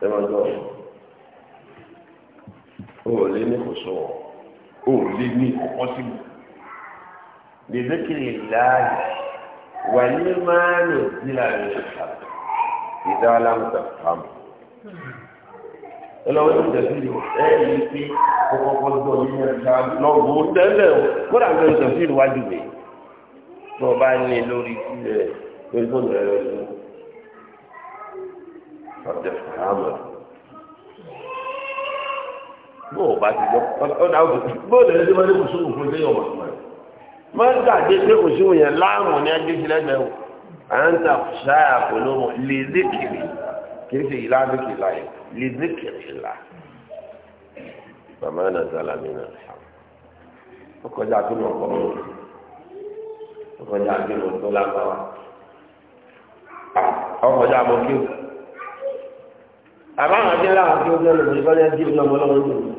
ẹ máa gbọ́ ọ ò lé ní ọ̀ṣọ́ ọ̀ ò lè ní ọ̀pọ̀ sí mi. Bèzékìrì láàyè wà ní máa ń ìdílà rẹ̀ ìdá alámùtà fàmù. Ẹlọ́wọ́ ní ìdẹ̀sílì ẹ̀ ní pé kọ́kọ́ kọ́kọ́ nínú ẹ̀ka lọ́gbọ̀n tẹ́lẹ̀ o. Kódà ní ìdẹ̀sílì wájú mi. Tó o bá ní lórí ilẹ̀ lórí fóònù rẹ̀ lọ́dún. Ọ̀dẹ̀ fàmù bó o bá ti gbọ́ ọ̀dà òkú bó o lè ṣe máa ní kùsùnmù fún ilé ọmọ ìmọ̀ máa ń gbàgbé pé kùsùnmù yẹn láàmù ní ẹgbẹ́ sílẹ̀ bẹ́ẹ̀ o à ń ta ṣáà polówó lè zikiri kìí ṣe ìlà zikiri láyé lè zikiri là bàmá náà sálàmì náà ọkọjá tó lọ kọ́ ọ́ ọkọjá tó lọ tó lápá wa ọkọjá mọ kí o àbáwọn akẹ́lẹ́ àwọn kí o jẹ́ lọ́wọ́ ìfọ́nẹ́ tí o ọmọ lọ́wọ́ ìdòwò.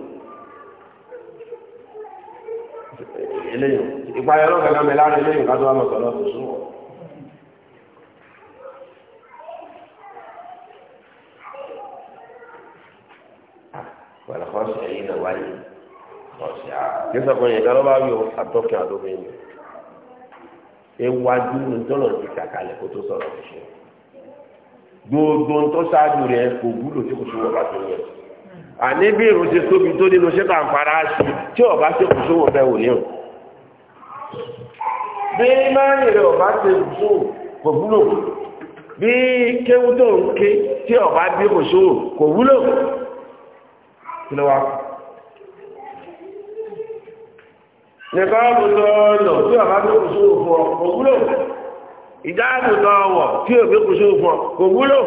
eléyìn ìpayọ náà kankan bẹ láàrin eléyìn ká tó wà lọsọ lọsọ sún wọn. wàlẹ kọsí ẹyin náà wáyé kọsí á kí sọkùnrin yìí kálọ́ bá yọ àtọ́kẹ́ àdókè yìí ewájú ní tọ́lọ̀ ti kàkálẹ̀ kó tó sọ̀rọ̀ fún un gbogbo tó ṣáájú rẹ̀ kò wúlò tí kò sí wọ́n bá tó yẹ àní bí irun ti tóbi tó nínú ṣẹ́ta àǹfààní àṣì tí ọba ṣe kò sówó bẹ́ẹ̀ wò ní o bí mẹ́rin rẹ̀ ọ̀bá ṣe zò kò wúlò bí kéwú tó ń ké tí ọ̀bá bí kò ṣòro kò wúlò kí ló wá nìkan ọ̀bùtọ̀ lọ tí ọ̀bá bí kò ṣòro fún ọ kò wúlò ìdáàbòtọ̀ ọ̀wọ̀ tí òbí kò ṣòro fún ọ kò wúlò.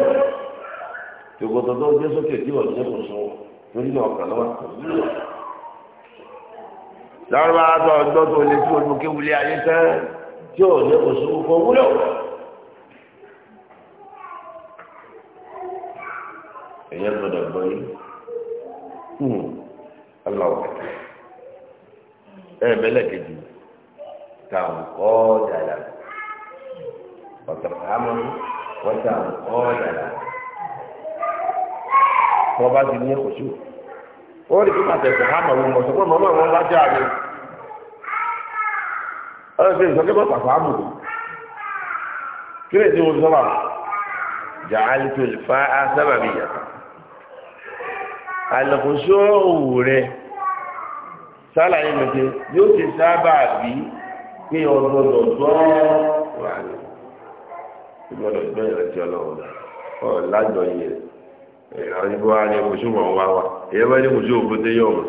tòkòtò tó gbé sókè tí wọ́n ti ṣe kò ṣòro torí náà lọ́wọ́ kò wúlò lọ́rọ̀ bá tọ́ ọjọ́ tó lè tí ojú kí wulẹ̀ ayé tán tí ò ní oṣù kò wúlò. ẹ̀yẹ́ gbọ́dọ̀ gbọ́ yìí hmm. ọlọ́wọ́ ẹ̀ bẹ́lẹ̀ kejì táwọn kọ́ dàda ọ̀tọ̀kọ̀ àmọ́ wọ́n táwọn kọ́ dàda wọ́n bá ti ní oṣù ó rí kí màtẹ̀sẹ̀ hàn àwọn ọmọ sọpọ̀ mọ́ ọlọ́run bá jẹ́ àmì ọlọ́run ṣe ìsọkẹ́ bọ́ pàpà àmù kí lè tí mo sọ́bà jà á lè tó lè fa sábà bí yàtọ̀ àlọ́kùnṣó òwò rẹ sálàyé mẹ́tẹ́ yóò ṣe sábà bí pé ọdọọdọ gbọ́n wà ní ìgbọ́dọ̀ gbọ́n ìrántí ọlọ́run ọ̀ lájọ yìí ìrántí bọ́ wá ní oṣù mọ̀ wá wá èyẹ bá ní kò sí òkú tẹ yọ ọmọ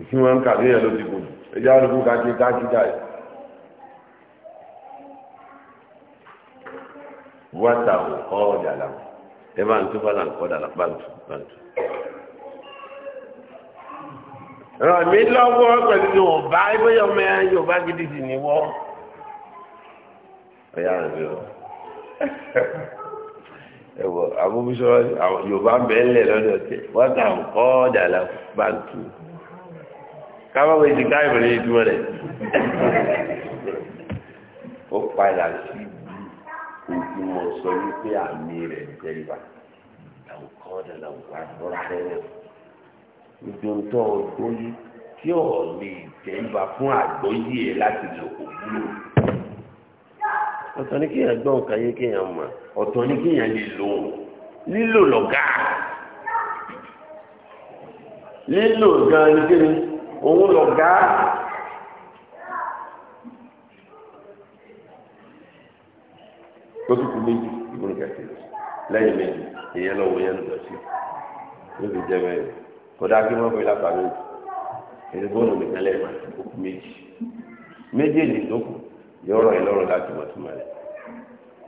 ìsìn wọn ń kà ní ẹlò ti kù ẹjẹ arúgbó káàkiri káàkiri dáì wọ́tà òkọ́ ọ̀dà làwọn ẹ bá ń tó bá làǹkọ́ ọ̀dà làwọn báńtù báńtù. ràn mí lọ́wọ́ pẹ̀lú yorùbá ibóyá ọmọ yorùbá gidi sì ní wọ́. ọ̀yá rẹ̀ bí o ẹwọ abúbísọrọ yorùbá ń bẹ ńlẹ lọ́dọ̀ tẹ wọn kà ń kọ ọjà la báńkì káwọn èsì káyọ̀ lè dúró rẹ ó padà sí ojú wọn sọ wípé àmì rẹ tẹríba làwọn kọ ọjà la wà lọ́ra rẹ ojú tó ọgbóyé tí ò lè tẹríba fún àgbóyé láti lò kò wúlò ọ̀tọ̀ ní kéèyàn gbọ́ nǹkan yé kéèyàn mọ̀ ọ̀tọ̀ ní kéèyàn lè lò ó lílò lọ̀gá lílò gan ni kéèyàn òun lọ̀gá. lọ́sùkú méjì ìbọn kẹsì lẹ́yìn méjì ìyẹn lọ́wọ́ yẹn lọ sí ló fi jẹ́ bẹ́ẹ̀ kódà kí wọ́n fi lápá méjì èdè bọ́ọ̀lù nìkan lẹ́yìn máa ti méjì méjèèjì tó kù yọ̀rọ̀ ìlọ́rọ̀ láti mọ̀túmọ̀ rẹ̀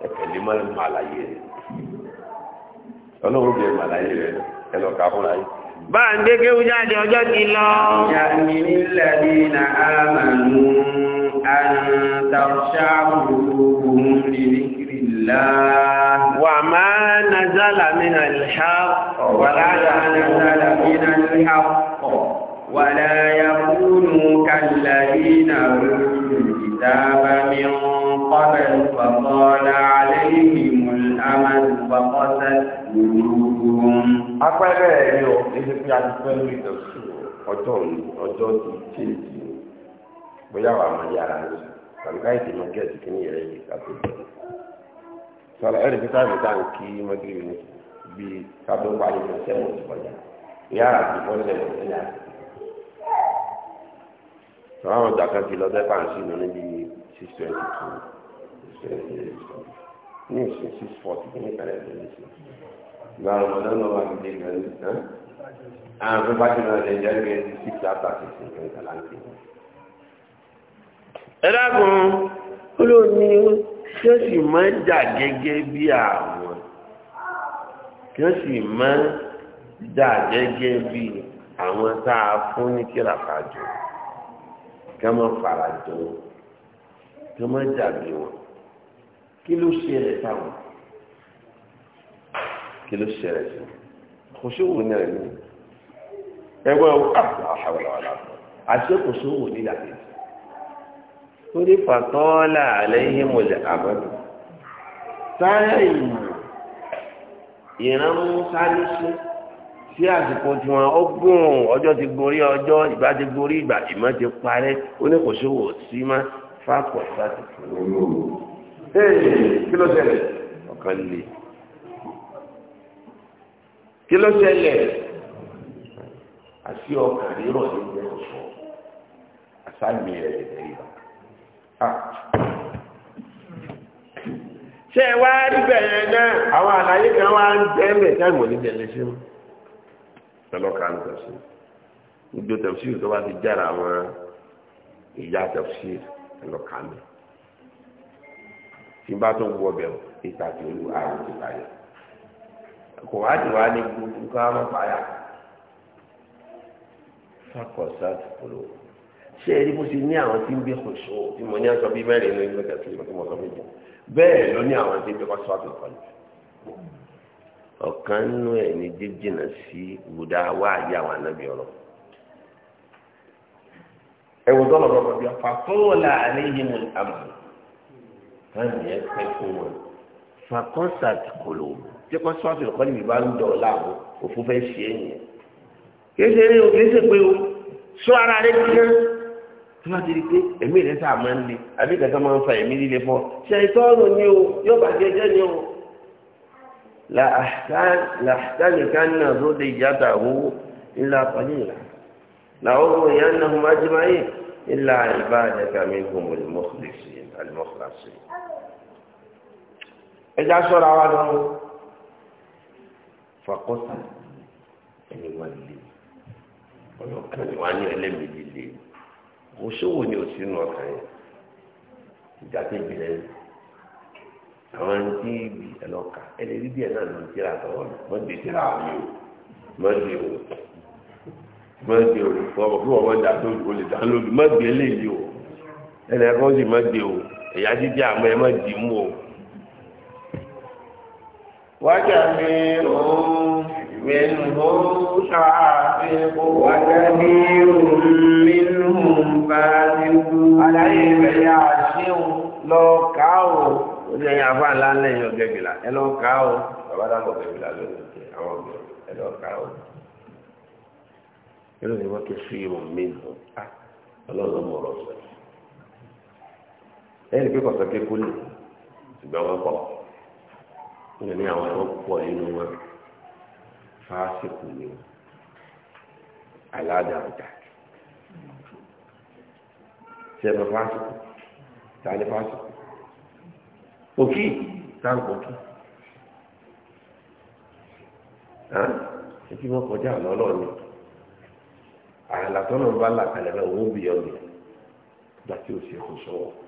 ẹ̀tẹ̀lé mọ́ ẹ̀mọ́ àlàyé rẹ̀ ọlọ́run bí ẹ̀mọ́ àlàyé rẹ̀ ẹlọ ká fúnra yìí. bá ń gbé kéwú jáde ọjọ́ ti lọ. ìyá mi nílẹ̀ ní na àmàlù àǹtàṣà òhun nazala mina lìhá. wà láyà nazala mina lìhá. ولا يكونوا كالذين أوتوا آمنوا فطال عليهم الأمد فقست قلوبهم apẹ́rẹ́ ẹ̀rí ọ ilé pé a ti pẹ́ lórí ìdọ̀sùn ọjọ́ òní ọjọ́ ti chéèjì ni bóyá wà máa yára ní tàbí káyì tí máa gẹ̀ẹ́sì kí ní ìrẹ́ yìí kápẹ́ ìjọba sọ̀rọ̀ ẹ̀rí pé táìmù táà kí mọ́gìrì ní bíi kábẹ́ wáyé ní sẹ́wọ̀n ti kọjá yára ti bọ́ sẹ́wọ̀n ní àti sọ̀rọ̀ àwọn ọjà kan ti lọ sẹ́pà ń sínú níbi ní se six forty kí ní kẹlẹ ẹgbẹ ní ṣe gba ọmọdé náà wà nílé ìgbà ní ìtàn àwọn pípa tí wọn lè jẹ ẹgbẹ ní six after six ìgbà ní kàlá ní. ẹ dákun olóòní yóò sì máa ń jà gẹ́gẹ́ bí àwọn yóò sì máa ń jà gẹ́gẹ́ bí àwọn tá a fún ní kíràkàjọ kí wọ́n fara jọ kí wọ́n jà bí kí ló ṣẹlẹ̀ táwọn kí ló ṣẹlẹ̀ sí kò ṣòwò ní ẹ̀mí ẹgbẹ́ àwọ̀lọ́wọ́lá àṣẹ kò ṣòwò ní ìdàkejì torí fàtọ́ọ́lá àlẹ́yìn mọ̀lẹ̀ àbọ̀dù táyà ìmọ̀ ìran musa ní sí sí àsìkò tiwọn ó gùn ọjọ́ ti gorí ọjọ́ ìgbà ti gorí ìgbà ìmọ̀ ti parẹ́ ó sí má fàkọ̀ọ́sá ti fún un kí ló ṣẹlẹ̀ ọkàn lè kí ló ṣẹlẹ̀ àti ọkàn rírọ̀ ní ìgbẹ́ ọ̀ṣọ́ àsámi rẹ̀ lẹ́tẹ̀ rí wa. Ah. ṣé ẹ wá rí bẹ̀rẹ̀ náà àwọn àlàyé kan wá ń bẹ́ẹ̀mẹ̀ tí àwọn oníbẹ̀ lè ṣe wọn. ọlọ́ka ń tọ̀ sí i gbogbo tẹ̀síì tó bá ti jára àwọn ìyá tẹ̀síì ọlọ́ka mi tí bá tó ń wọ bẹ̀ ìta tí olú àrùn ti báyọ̀ kò wá ti wá ní gbogbo ká má báyà fàkọ̀sá ti polo ṣé ẹni bó ṣe ní àwọn tí ń gbé kòṣó tí mo ní aṣọ bíi mẹ́rin ní ìgbẹ́kẹ̀ tí mo ti mọ̀ sọ méjì bẹ́ẹ̀ ló ní àwọn tí ń gbé kọ́sọ́ àti kọ́lù ọ̀kan nínú ẹ̀ ní jíjìnà sí gbòdà wá àyè àwọn anábì ọ̀rọ̀ ẹ̀wọ̀n tó lọ́kọ̀ọ́ táwọn yẹn pẹ́ fún wọn fakọ́sàt kòló tí kò sọ́ọ̀tì lọ́kọ́ níbi bá ń dọ̀ láàbò òfin fẹ́ ṣe é yẹn kìí ṣe eré o kìí ṣe pé o sọ ara rẹ kíkan tí wọ́n ti di pé ẹ̀mí rẹ sáà máa ń le àbí kankan máa ń fa ẹ̀mí líle fún ọ ṣe ni o yóò bàjẹ́ jẹ́ ni o làtàlìkan náà tó lè yàtà owó ńlá pàdé làwọn ohun ìyá náà máa jẹ́ máa yẹ ńlá ìbá àdẹ́kàmí kò mọ̀lẹ́mọ́sílẹ̀ sí i alimọ́fúlàṣẹ. ẹja sọ́ra wa lọ́wọ́ fàkọ́sà ẹni wà lè ọlọ́kàn ni wà ní ẹlẹ́mìí líle òṣòwò ni òsínú ọ̀kan yẹn ìjà kejì lẹ́yìn àwọn ẹni tí ibi ẹlọ́ka ẹni rí díẹ̀ náà ló ń tíra àtọwọ́ mọ́tì tíra àmì o mọ́tì o mọ́tì o fọwọ́ fún ọmọ ìdá tó o lè dá lójú mọ́tì eléyìí o ẹnì ẹ̀kọ́ sì má gbé o ẹ̀yà jíjẹ́ àmọ́ ẹ má dì í mú o. wájà mi ò mẹ́nu ó ṣàfihàn wájà mi ò mẹ́nu bá ti kú. aláyé ìbẹ̀rẹ̀ àṣìwò lọ ká o. ó ní ẹyin afá ńlá ńlá ẹyin ọ̀gẹ́gìlá ẹ lọ ká o. bàbá dàgbọ̀ gẹ̀gìlá ló ń jẹ àwọn ọ̀gẹ̀ ẹ lọ ká o. ẹ lọ́ọ́ ni wọ́n tó fi ìrùn mi nù. Ah, ọlọ́run ló mọ̀ ọ̀rọ̀ sọ̀rọ̀ ẹni pé kọ̀sọ́ kékú lè ṣùgbọ́n wọn pọ̀ nínú ní àwọn tó pọ̀ nínú wọn fásikù ni wọn aládàáta sẹ́nu fásikù tani fásikù òkì táwọn òkì ẹbí wọn kọjá lọ́lọ́ ni àyàlà tó náà bá là kalẹ̀ bẹ́ẹ̀ owó bìyànjú gbàtí ó sọ̀rọ̀.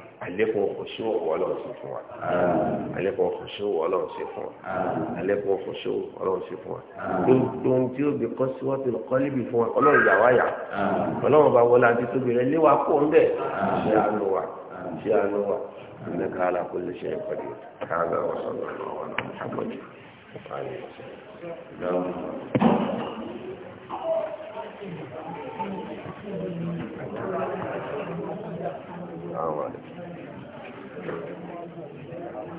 àlékún kòṣó ọlọ́run sí fún wa àlékún kòṣó ọlọ́run sí fún wa àlékún kòṣó ọlọ́run sí fún wa gbogbo tí ó bí kọ́ síwájú kọ́ níbi fún wa ọlọ́run yà wá yà ọlọ́run bá wọlé àti tóbi rẹ léwà kó ń bẹ̀ ṣé àánú wa ṣé àánú wa إنك على كل شيء قدير هذا وصلى الله على محمد وعلى آله وسلم